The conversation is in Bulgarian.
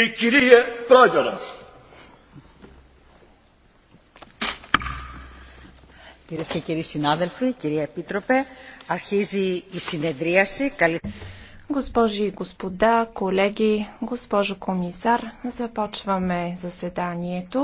и Кирия Прагеров. Κυρίε και κύριοι συνάδελφοι, κυρία Επίτροπε, αρχίζει η συνεδρίαση. Καλή... Госпожи и господа, колеги, госпожо комисар, започваме заседанието.